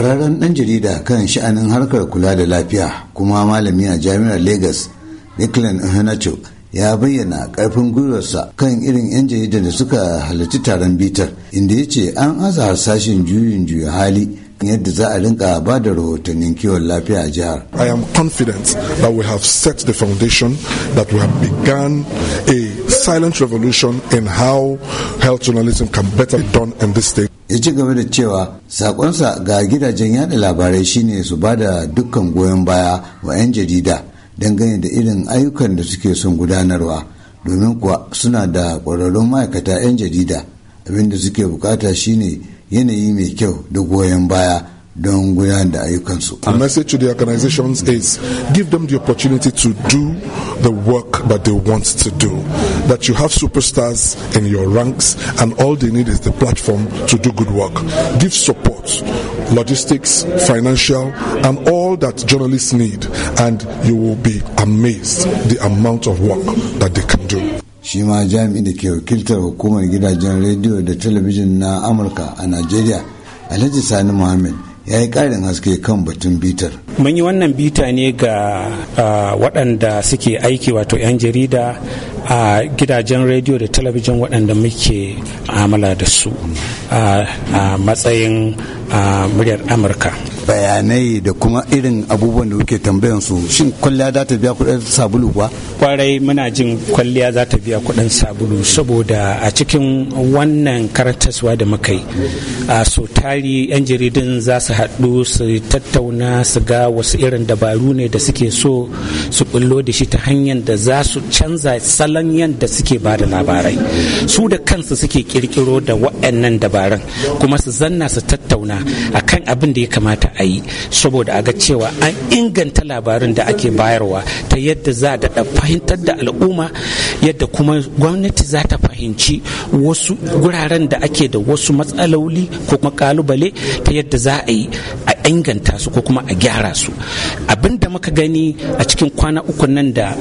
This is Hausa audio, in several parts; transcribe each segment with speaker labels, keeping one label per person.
Speaker 1: kwararren ɗan jarida kan sha'anin harkar kula da lafiya kuma malami a jami'ar lagos nicklin hanacho ya bayyana ƙarfin gwiwarsa kan irin 'yan jaridar da suka halarci taron bitar inda ya ce an aza harsashin juyin juya hali yadda za a rinka ba da rahotannin kiwon lafiya a jihar. I am confident that we have set
Speaker 2: the foundation that we have begun a silent revolution in how
Speaker 1: health journalism can better be done in this state. ya ci gaba da cewa sakonsa ga gidajen yada labarai shine su ba da dukkan goyon baya wa 'yan jarida dangane da irin ayyukan da suke son gudanarwa domin kuwa suna da ƙwararrun ma'aikata 'yan jarida abinda suke bukata shine yanayi mai kyau da goyon baya don gudanar da ayyukansu. A message to the organizations is give them the opportunity to
Speaker 2: do the work that they want to do. That you have superstars in your ranks and all they need is the platform to do good work. Give support, logistics, financial, and all that journalists need, and you will be
Speaker 1: amazed the amount of work that they can do. shi ma jami'in da ke wakiltar hukumar gidajen rediyo da talabijin na amurka a nigeria alhaji sani muhammad ya yi karin haske kan batun bitar.
Speaker 2: mun yi wannan bita ne ga waɗanda suke aiki wato 'yan jarida a gidajen rediyo da talabijin waɗanda muke amala da su a matsayin muryar amurka bayanai da kuma irin abubuwan da kuke tambayan su shin kwalliya za ta biya kuɗin sabulu kuwa kwarai muna jin kwalliya za ta biya kuɗin sabulu saboda a cikin wannan karataswa da muka yi a so tari yan jaridun za su haɗu su tattauna su ga wasu irin dabaru ne da suke so su bullo da shi ta hanyar da za su canza salon yadda suke ba da labarai su da kansu suke kirkiro da waɗannan dabaran kuma su zanna su tattauna akan abin da ya kamata a yi saboda a ga cewa an inganta labarin da ake bayarwa ta yadda za a fahimtar da al'umma yadda kuma gwamnati za ta fahimci wasu guraren da ake da wasu matsaloli ko kuma kalubale ta yadda za a yi a inganta su ko kuma a gyara su abin da muka gani a cikin kwana uku nan da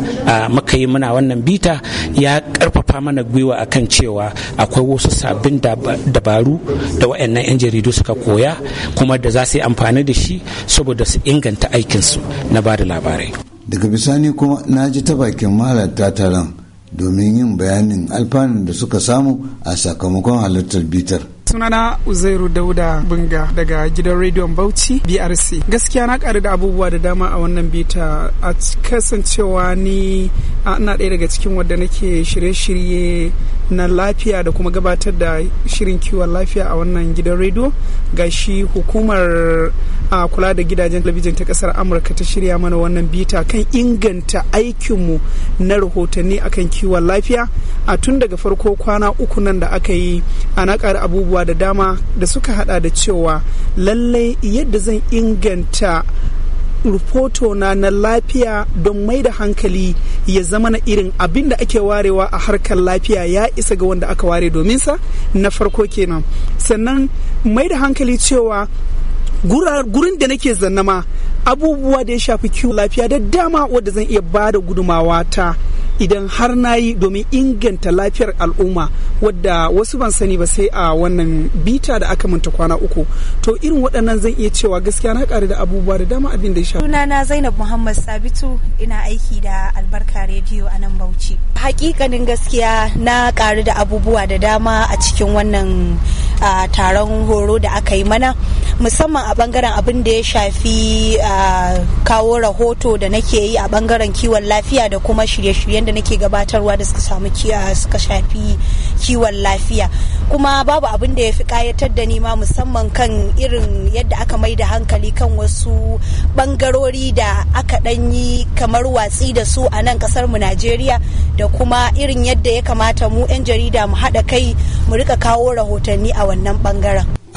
Speaker 2: muka yi muna wannan bita ya karfafa mana gwiwa akan cewa akwai wasu sabbin dabaru da waɗannan 'yan jaridu suka koya kuma da za su yi amfani da shi saboda su inganta aikin su na ba da labarai
Speaker 1: daga bisani kuma na ji ta bakin mahalarta taron domin yin bayanin alfanun da suka samu a sakamakon halartar bitar
Speaker 3: sunana uzairu dauda bunga daga gidan rediyon bauchi brc gaskiya na ƙari da abubuwa da dama a wannan bita a kasancewa ni ana ɗaya daga cikin wadda nake shirye-shirye na lafiya da kuma gabatar da shirin kiwon lafiya a wannan gidan rediyo ga shi hukumar a kula da gidajen talabijin ta kasar amurka ta shirya mana wannan bita kan inganta aikinmu na rahotanni akan kiwon lafiya a tun daga farko kwana uku nan da aka yi ana ƙara abubuwa abubuwa da dama da suka hada da cewa lallai yadda zan inganta rufoto na na lafiya don mai da hankali ya zama na irin abin da ake warewa a harkar lafiya ya isa ga wanda aka ware dominsa na farko kenan sannan mai da hankali cewa gurin da nake zannama abubuwa da ya shafi kiwon lafiya da dama wadda zan iya bada da gudumawa ta idan har na yi domin inganta lafiyar al'umma wadda wasu ban sani ba sai a wannan bita da aka manta kwana uku to irin waɗannan zan iya cewa gaskiya na ƙari da abubuwa da dama abin da ya shafi
Speaker 4: sunana zainab muhammad sabitu ina aiki da albarka rediyo a nan bauchi hakikanin gaskiya na ƙari da abubuwa da dama a cikin wannan ah, taron horo da aka yi mana musamman a bangaren abin da ya shafi kawo rahoto da nake yi a bangaren kiwon lafiya da kuma shirye-shiryen da nake gabatarwa da suka samu suka shafi kiwon lafiya kuma babu abin da ya fi kayatar da nima musamman kan irin yadda aka mai da hankali kan wasu bangarori da aka dan yi kamar watsi da su a nan kasar mu najeriya da kuma irin yadda ya kamata mu 'yan jarida mu haɗa kai mu rika kawo rahotanni a wannan bangaren